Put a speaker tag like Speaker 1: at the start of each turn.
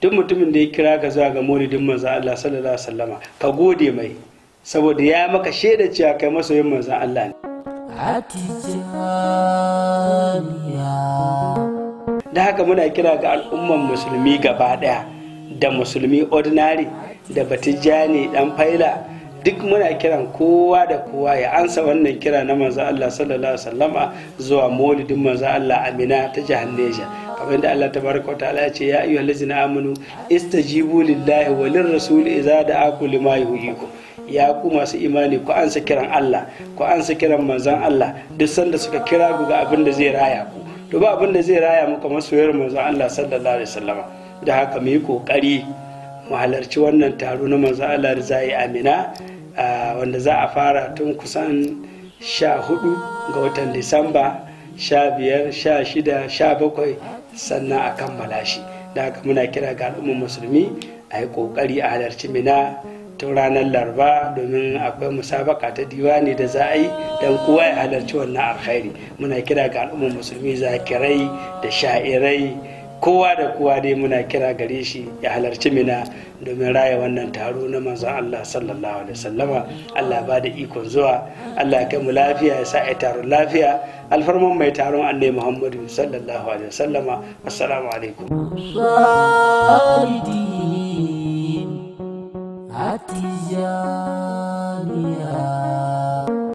Speaker 1: duk mutumin da ya kira ka zuwa ga maulidin manzan Allah sallallahu alaihi wasallama ka gode mai saboda ya maka shaida cewa kai masoyin manzan Allah ne da haka muna kira ga al'umman musulmi gaba daya da musulmi ordinary da batijani dan faila duk muna kiran kowa da kowa ya ansa wannan kira na manzo Allah sallallahu alaihi wasallama zuwa maulidin manzo Allah Amina ta neja kamar yadda Allah tabaraka ta'ala ya ce ya ayyuhal ladzina amanu istajibu lillahi wa rasul idza da'akum lima yuhyikum ya ku masu imani ku ansa kiran Allah ku ansa kiran manzon Allah duk sanda suka kira ku ga abin da zai raya ku to ba abin da zai raya muku masoyar manzon Allah sallallahu alaihi wasallama da haka mu yi kokari mu halarci wannan taro na manzo Allah amina wanda za a fara tun kusan sha ga watan disamba sha biyar sha shida sha bakwai sannan a kammala shi da haka muna kira ga al'ummar musulmi a yi kokari a halarci mina tun ranar laraba domin akwai musabaka ta diwani da za a yi don kowa ya halarci wannan alkhairi muna kira ga al'ummar musulmi zakirai da sha'irai kowa da kowa dai muna kira gare shi ya halarci mina domin raya wannan taro na manzon Allah sallallahu alaihi wasallama Allah ba da ikon zuwa Allah kai mu lafiya ya sa a taron lafiya alfarman mai taron Annabi Muhammadu sallallahu alaihi wasallama assalamu alaikum Atijaniya